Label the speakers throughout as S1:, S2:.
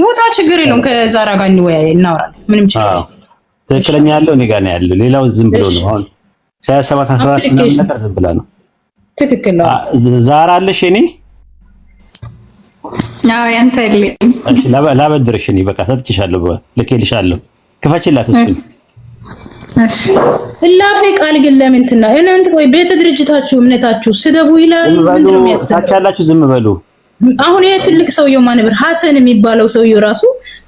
S1: ይወጣ ችግር የለውም። ከዛራ ጋር እንወያይ እናወራለን።
S2: ምንም ችግር የለም። ትክክለኛ ያለው እኔ ጋር ነው ያለው። ሌላው ዝም ብሎ ነው። አሁን 27 14 ምናምን ነገር ዝም ብላ ነው። ትክክል ነው። ዛራ አለሽ እኔ አዎ፣ ያንተ የለኝም። እሺ ላበድርሽ እኔ በቃ ሰጥቼሻለሁ፣ ልኬልሻለሁ። ክፈችላት እሱ። እሺ እላፌ ቃል ግን ለምንትና እናንተ ቆይ ቤተ ድርጅታችሁ እምነታችሁ ስደቡ ይላል። ምንድነው የሚያስተካክላችሁ? ዝም በሉ አሁን ይሄ ትልቅ ሰውየው ማን ነበር? ሐሰን የሚባለው ሰውየው ራሱ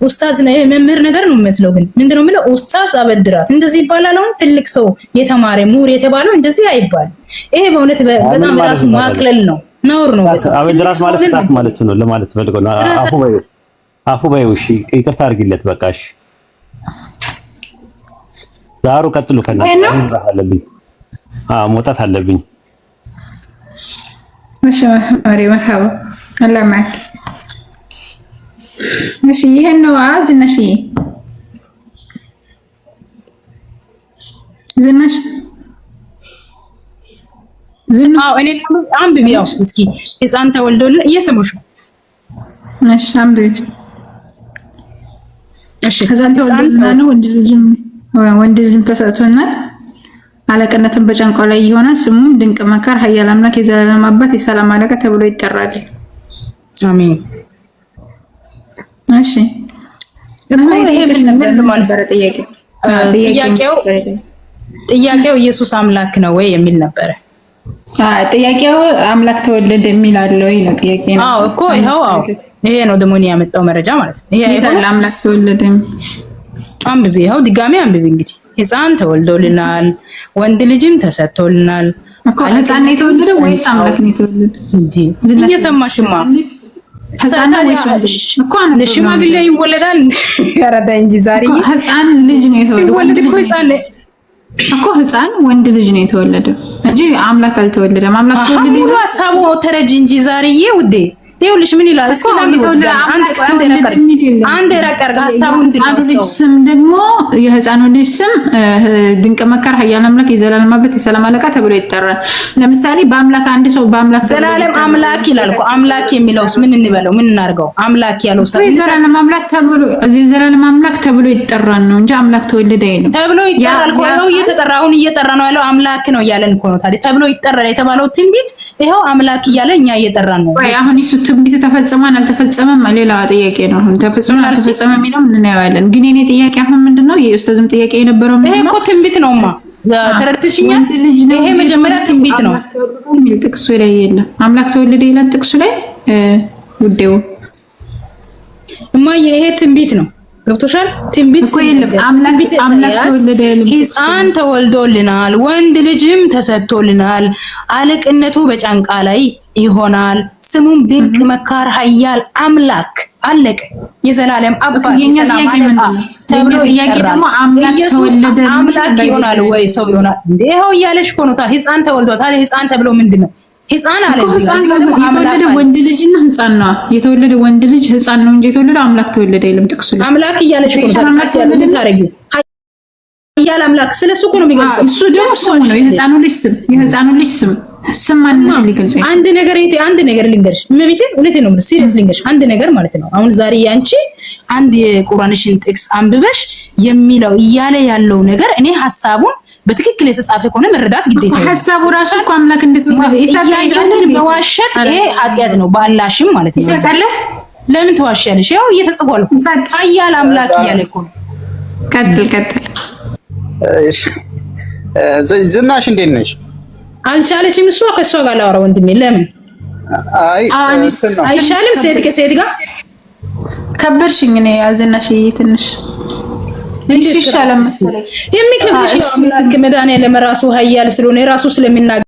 S2: ኡስታዝ ነው፣ መምህር ነገር ነው የሚመስለው። ግን ምንድነው የሚለው? ኡስታዝ አበድራት እንደዚህ ይባላል። አሁን ትልቅ ሰው የተማረ ምሁር የተባለው እንደዚህ አይባል። ይሄ በእውነት በጣም ራሱ ማቅለል ነው፣ ነውር ነው። አበድራት ማለት ታክ ማለት ነው ለማለት ፈልጎ ነው። አፉ ባዩ አፉ ባዩ። እሺ ይቅርታ አድርጊለት። በቃሽ እሺ፣ ዛሩ ቀጥሉ። ከእናንተ አለብኝ፣ መውጣት አለብኝ። እሺ፣ መርሐባ ለማት እሺ፣ ይሄን ነው ዝናሽዬ፣ ዝናሽ ዝናው እኔ አንብቢ፣ ያው እስኪ ህፃን ተወልዶልን እየሰሙሽ እሺ፣ አንብቢ። እሺ፣ ህፃን ተወልዶልና ነው ወንድ ልጅም ወንድ ልጅም ተሰጥቶናል። አለቅነትን በጫንቋ ላይ ይሆናል። ስሙም ድንቅ መካር፣ ኃያል አምላክ፣ የዘላለም አባት፣ የሰላም አለቃ ተብሎ ይጠራል። አሜን። እሺ እኮ ይሄ ምን ጥያቄው ጥያቄው ኢየሱስ አምላክ ነው ወይ የሚል ነበረ። ጥያቄው አምላክ ተወለደ የሚል አለ ወይ ነው ጥያቄ ነው። አዎ እኮ ይኸው፣ አዎ ይሄ ነው ደግሞ እኔ ያመጣው መረጃ ማለት ነው። ይሄ አምላክ ተወለደ አንብቤ፣ ይኸው ድጋሜ አንብቤ። እንግዲህ ሕፃን ተወልዶልናል፣ ወንድ ልጅም ተሰጥቶልናል። እኮ ሕፃን ነው የተወለደ ወይስ አምላክ ነው የተወለደ? እየሰማሽማ ህፃን ሽማግሌ ይወለዳል? እንጂ ዛሬ ህፃን ልጅ ነው የተወለደ እኮ ህፃን ወንድ ልጅ ነው የተወለደ እንጂ አምላክ አልተወለደም። አምላክ ሙሉ ሀሳቡ ተረጅ እንጂ ዛሬዬ ውዴ ይኸውልሽ ምን ይላል እስኪ አንድ ረቀር ሀሳቡን ስም ደግሞ የህፃኑ ልጅ ስም ድንቅ መካር ኃያል አምላክ የዘላለም አባት የሰላም አለቃ ተብሎ ይጠራል። ለምሳሌ በአምላክ አንድ ሰው በአምላክ ዘላለም አምላክ ይላል አምላክ የሚለውስ ምን እንበለው? ምን እናርገው? አምላክ ያለው ዘላለም አምላክ ዘላለም አምላክ ተብሎ ይጠራ ነው እንጂ አምላክ ተወለደ አይልም ተብሎ ይጠራል እኮ ይኸው እየተጠራ አሁን እየጠራ ነው ያለው አምላክ ነው እያለን እኮ ነው። ታዲያ ተብሎ ይጠራል የተባለው ትንቢት ይኸው አምላክ እያለ እኛ እየጠራ ነው አሁን ትንቢት ተፈጽሟል አልተፈጸመም ሌላ ጥያቄ ነው። አሁን ተፈጽሟል አልተፈጸመም የሚለው እናየዋለን። ግን የኔ ጥያቄ አሁን ምንድን ነው የኡስታዝም ጥያቄ የነበረው ይሄ እኮ ትንቢት ነውማ ተረድተሽኛል። ይሄ መጀመሪያ ትንቢት ነው የሚል ጥቅሱ ላይ የለም። አምላክ ተወለደ ይላል ጥቅሱ ላይ ጉዳዩ እማዬ፣ ይሄ ትንቢት ነው ገብቶሻል። ትንቢት እኮ የለም አምላክ አምላክ ተወለደ ሕፃን ተወልዶልናል፣ ወንድ ልጅም ተሰጥቶልናል፣ አለቅነቱ በጫንቃ ላይ ይሆናል፣ ስሙም ድንቅ መካር፣ ኃያል አምላክ አለቅ የዘላለም አባት የሰላም ተብሎ ይጠራል። አምላክ ይሆናል ወይ ሰው ይሆናል? ይኸው እያለሽ እኮ ነው። ሕፃን ተወልዶታል። ሕፃን ተብሎ ምንድን ነው ህፃን አለ የተወለደ ወንድ ልጅ ልጅና ህፃን ነው። የተወለደ ወንድ ልጅ ህፃን ነው እንጂ የተወለደ አምላክ ተወለደ አይልም። ጥቅሱ አምላክ እያለች እያለ አምላክ ስለ እሱ እኮ ነው የሚገልጸው። እሱ ደግሞ ስሙ ነው የህፃኑ ልጅ ስም የህፃኑ ልጅ ስም ስም ማንነት ሊገልጽ አንድ ነገር የት አንድ ነገር ልንገርሽ፣ እመቤቴን እውነቴን ነው ሲሪየስ ልንገርሽ፣ አንድ ነገር ማለት ነው። አሁን ዛሬ ያንቺ አንድ የቁርአንሽን ጥቅስ አንብበሽ የሚለው እያለ ያለው ነገር እኔ ሀሳቡን በትክክል የተጻፈ ከሆነ መረዳት ግዴታ ሀሳቡ ራሱ እኮ አምላክ እንዴት እያለን መዋሸት ይሄ ኃጢአት ነው። በአላሽም ማለት ነው። ለምን ትዋሻለሽ? ያው እየተጽፏል። አያል አምላክ እያለ እኮ ቀጥል ቀጥል። ዝናሽ እንዴት ነሽ? አልቻለችም። እሷ ከእሷ ጋር ላወራ ወንድሜ። ለምን አይሻልም? ሴት ከሴት ጋር ከበድሽኝ። እኔ ዝናሽ ትንሽ ይሻላል መሰለኝ። የሚከብድሽ አምላክ መድኃኒዓለም ራሱ ኃያል ስለሆነ ራሱ ስለሚናገር